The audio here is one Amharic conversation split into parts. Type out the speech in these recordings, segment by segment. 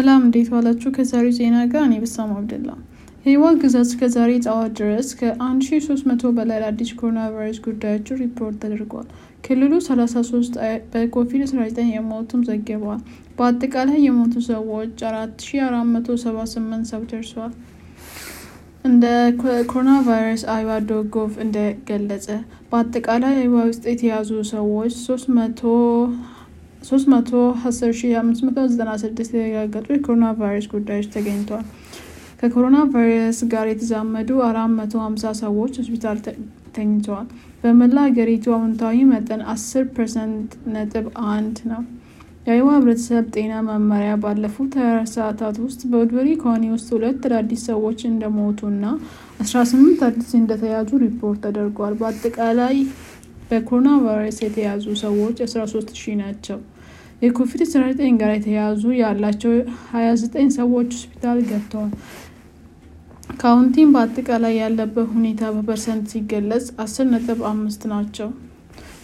ሰላም እንዴት ዋላችሁ? ከዛሬው ዜና ጋር እኔ በሳም አብደላ። የህዋት ግዛት ከዛሬ ጠዋት ድረስ ከ1300 በላይ አዲስ ኮሮና ቫይረስ ጉዳዮች ሪፖርት ተደርጓል። ክልሉ 33 በኮቪድ-19 የሞቱም ዘግበዋል። በአጠቃላይ የሞቱ ሰዎች 4478 ሰው ደርሰዋል። እንደ ኮሮና ቫይረስ አይዋ ዶጎቭ እንደገለጸ በአጠቃላይ አይዋ ውስጥ የተያዙ ሰዎች 300 310,596 የተረጋገጡ የኮሮና ቫይረስ ጉዳዮች ተገኝተዋል። ከኮሮና ቫይረስ ጋር የተዛመዱ 450 ሰዎች ሆስፒታል ተኝተዋል። በመላ ሀገሪቱ አዎንታዊ መጠን 10 ፐርሰንት ነጥብ አንድ ነው። የአይዋ ህብረተሰብ ጤና መመሪያ ባለፉት ሰዓታት ውስጥ በውድበሪ ካውንቲ ውስጥ ሁለት አዳዲስ ሰዎች እንደሞቱ እና 18 አዲስ እንደተያዙ ሪፖርት ተደርጓል። በአጠቃላይ በኮሮና ቫይረስ የተያዙ ሰዎች 13 ሺህ ናቸው። የኮቪድ-19 ጋር የተያዙ ያላቸው 29 ሰዎች ሆስፒታል ገብተዋል። ካውንቲን በአጠቃላይ ያለበት ሁኔታ በፐርሰንት ሲገለጽ 10 ነጥብ አምስት ናቸው።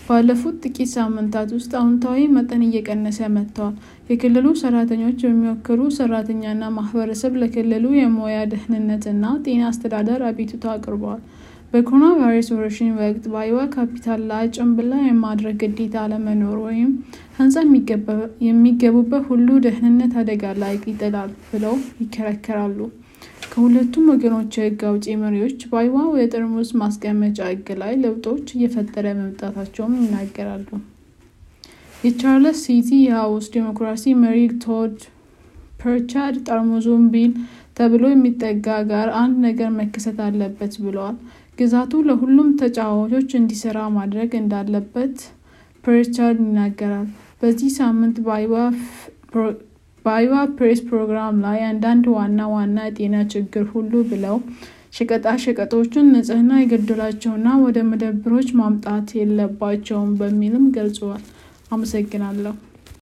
ባለፉት ጥቂት ሳምንታት ውስጥ አውንታዊ መጠን እየቀነሰ መጥተዋል። የክልሉ ሰራተኞች የሚወክሉ ሰራተኛና ማህበረሰብ ለክልሉ የሙያ ደህንነትና ጤና አስተዳደር አቤቱታ አቅርበዋል። በኮሮና ቫይረስ ወረርሽኝ ወቅት በአይዋ ካፒታል ላይ ጭንብላ የማድረግ ግዴታ አለመኖር ወይም ህንፃ የሚገቡበት ሁሉ ደህንነት አደጋ ላይ ይጥላል ብለው ይከራከራሉ። ከሁለቱም ወገኖች የህግ አውጪ መሪዎች በአይዋ የጠርሙስ ማስቀመጫ ህግ ላይ ለውጦች እየፈጠረ መምጣታቸውም ይናገራሉ። የቻርለስ ሲቲ የሀውስ ዴሞክራሲ መሪ ቶድ ፐርቻድ ጠርሙዙን ቢል ተብሎ የሚጠጋ ጋር አንድ ነገር መከሰት አለበት ብለዋል። ግዛቱ ለሁሉም ተጫዋቾች እንዲሰራ ማድረግ እንዳለበት ፕሬስቻርድ ይናገራል። በዚህ ሳምንት በአይዋ ፕሬስ ፕሮግራም ላይ አንዳንድ ዋና ዋና የጤና ችግር ሁሉ ብለው ሸቀጣ ሸቀጦችን ንጽህና የገደላቸውና ወደ መደብሮች ማምጣት የለባቸውም በሚልም ገልጸዋል። አመሰግናለሁ።